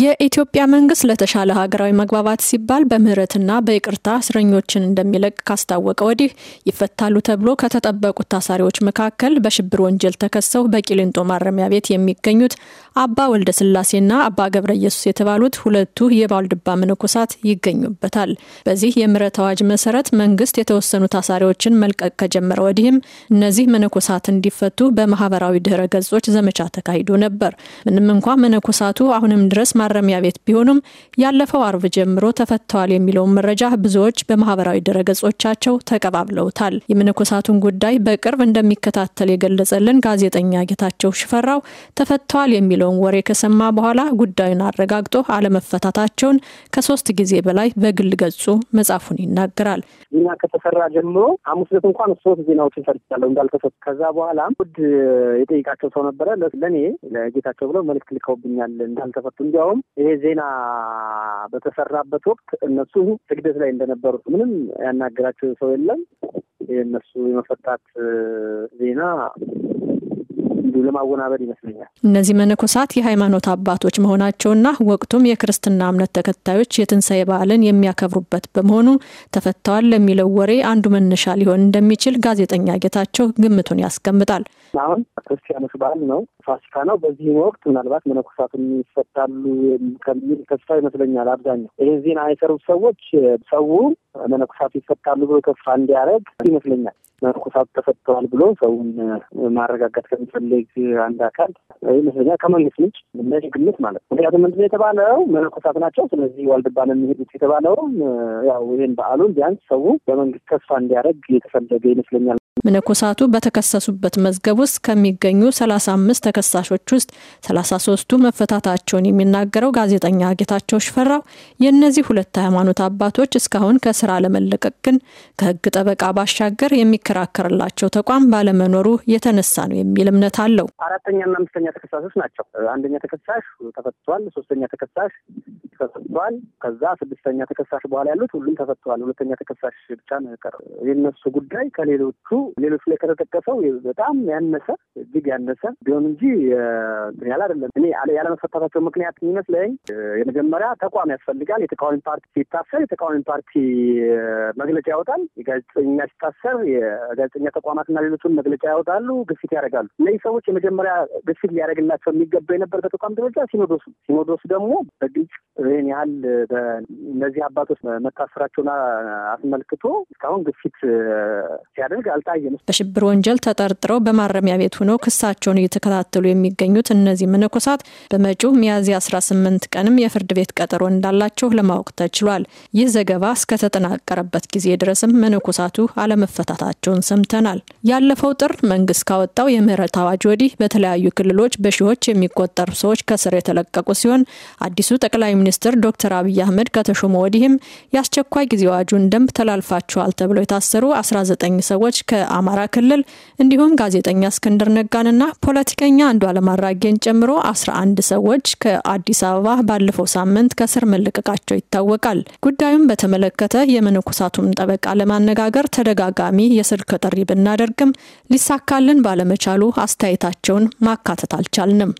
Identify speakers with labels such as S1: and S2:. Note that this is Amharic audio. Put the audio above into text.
S1: የኢትዮጵያ መንግስት ለተሻለ ሀገራዊ መግባባት ሲባል በምህረትና በይቅርታ እስረኞችን እንደሚለቅ ካስታወቀ ወዲህ ይፈታሉ ተብሎ ከተጠበቁት ታሳሪዎች መካከል በሽብር ወንጀል ተከሰው በቂሊንጦ ማረሚያ ቤት የሚገኙት አባ ወልደ ስላሴና አባ ገብረ ኢየሱስ የተባሉት ሁለቱ የባልድባ መነኮሳት ይገኙበታል። በዚህ የምህረት አዋጅ መሰረት መንግስት የተወሰኑ ታሳሪዎችን መልቀቅ ከጀመረ ወዲህም እነዚህ መነኮሳት እንዲፈቱ በማህበራዊ ድህረ ገጾች ዘመቻ ተካሂዶ ነበር። ምንም እንኳ መነኮሳቱ አሁንም ድረስ ማረሚያ ቤት ቢሆኑም ያለፈው አርብ ጀምሮ ተፈተዋል የሚለውን መረጃ ብዙዎች በማህበራዊ ድረገጾቻቸው ተቀባብለውታል። የመነኮሳቱን ጉዳይ በቅርብ እንደሚከታተል የገለጸልን ጋዜጠኛ ጌታቸው ሽፈራው ተፈተዋል የሚለውን ወሬ ከሰማ በኋላ ጉዳዩን አረጋግጦ አለመፈታታቸውን ከሶስት ጊዜ በላይ በግል ገጹ መጻፉን ይናገራል።
S2: ዜና ከተሰራ ጀምሮ ሐሙስ ዕለት እንኳን ሶስት ዜናዎችን ሰርቻለሁ እንዳልተፈቱ። ከዛ በኋላ ውድ የጠይቃቸው ሰው ነበረ ለእኔ ለጌታቸው ብለው መልክት ልከውብኛል እንዳልተፈቱ እንዲ እንዲያውም ይሄ ዜና በተሰራበት ወቅት እነሱ ስግደት ላይ እንደነበሩ ምንም ያናገራቸው ሰው የለም። እነሱ የመፈታት ዜና እንዲሁ ለማወናበድ ይመስለኛል።
S1: እነዚህ መነኮሳት የሃይማኖት አባቶች መሆናቸውና ወቅቱም የክርስትና እምነት ተከታዮች የትንሣኤ በዓልን የሚያከብሩበት በመሆኑ ተፈተዋል ለሚለው ወሬ አንዱ መነሻ ሊሆን እንደሚችል ጋዜጠኛ ጌታቸው ግምቱን ያስቀምጣል።
S2: አሁን ክርስቲያኖች በዓል ነው፣ ፋሲካ ነው። በዚህም ወቅት ምናልባት መነኮሳቱን ይፈታሉ ከሚል ተስፋ ይመስለኛል አብዛኛው ይህ ዜና የሰሩት ሰዎች ሰው መነኮሳቱ ይፈታሉ ብሎ ተስፋ እንዲያደርግ ይመስለኛል። መርኩሳት ተፈተዋል ብሎ ሰውን ማረጋጋት ከሚፈልግ አንድ አካል ይመስለኛል ከመንግስት ምንጭ እንደዚህ ግምት ማለት ነው። ምክንያቱም ምንድን የተባለው መርኩሳት ናቸው፣ ስለዚህ ዋልድባ ነው የሚሄዱት የተባለውም ያው ይህን በዓሉን ቢያንስ ሰው በመንግስት ተስፋ እንዲያደርግ የተፈለገ ይመስለኛል።
S1: መነኮሳቱ በተከሰሱበት መዝገብ ውስጥ ከሚገኙ 35 ተከሳሾች ውስጥ 33ቱ መፈታታቸውን የሚናገረው ጋዜጠኛ ጌታቸው ሽፈራው የእነዚህ ሁለት ሃይማኖት አባቶች እስካሁን ከስራ ለመለቀቅ ግን ከህግ ጠበቃ ባሻገር የሚከራከርላቸው ተቋም ባለመኖሩ የተነሳ ነው የሚል እምነት አለው።
S2: አራተኛና አምስተኛ ተከሳሾች ናቸው። አንደኛ ተከሳሽ ተፈትቷል። ሶስተኛ ተከሳሽ ተሰጥቷል። ከዛ ስድስተኛ ተከሳሽ በኋላ ያሉት ሁሉም ተፈቷል። ሁለተኛ ተከሳሽ ብቻ ነው የቀረው። የነሱ ጉዳይ ከሌሎቹ ሌሎች ላይ ከተጠቀሰው በጣም ያነሰ እጅግ ያነሰ ቢሆን እንጂ ያል አይደለም። እኔ ያለመፈታታቸው ምክንያት የሚመስለኝ የመጀመሪያ ተቋም ያስፈልጋል። የተቃዋሚ ፓርቲ ሲታሰር የተቃዋሚ ፓርቲ መግለጫ ያወጣል። የጋዜጠኛ ሲታሰር የጋዜጠኛ ተቋማትና ሌሎቹን መግለጫ ያወጣሉ፣ ግፊት ያደርጋሉ። እነዚህ ሰዎች የመጀመሪያ ግፊት ሊያደርግላቸው የሚገባ የነበር በተቋም ደረጃ ሲኖዶሱ ሲኖዶሱ ደግሞ በግልጽ ይህን ያህል እነዚህ አባቶች መታሰራቸውን አስመልክቶ
S1: እስካሁን ግፊት ሲያደርግ አልታየም። በሽብር ወንጀል ተጠርጥረው በማረሚያ ቤት ሆነው ክሳቸውን እየተከታተሉ የሚገኙት እነዚህ መነኮሳት በመጪው ሚያዝያ 18 ቀንም የፍርድ ቤት ቀጠሮ እንዳላቸው ለማወቅ ተችሏል። ይህ ዘገባ እስከተጠናቀረበት ጊዜ ድረስም መነኮሳቱ አለመፈታታቸውን ሰምተናል። ያለፈው ጥር መንግስት ካወጣው የምህረት አዋጅ ወዲህ በተለያዩ ክልሎች በሺዎች የሚቆጠሩ ሰዎች ከስር የተለቀቁ ሲሆን አዲሱ ጠቅላይ ሚኒስትር ሚኒስትር ዶክተር አብይ አህመድ ከተሾሙ ወዲህም የአስቸኳይ ጊዜ አዋጁን ደንብ ተላልፋቸዋል ተብለው የታሰሩ 19 ሰዎች ከአማራ ክልል እንዲሁም ጋዜጠኛ እስክንድር ነጋንና ፖለቲከኛ አንዱዓለም አራጌን ጨምሮ 11 ሰዎች ከአዲስ አበባ ባለፈው ሳምንት ከስር መለቀቃቸው ይታወቃል። ጉዳዩን በተመለከተ የመነኮሳቱም ጠበቃ ለማነጋገር ተደጋጋሚ የስልክ ጥሪ ብናደርግም ሊሳካልን ባለመቻሉ አስተያየታቸውን ማካተት አልቻልንም።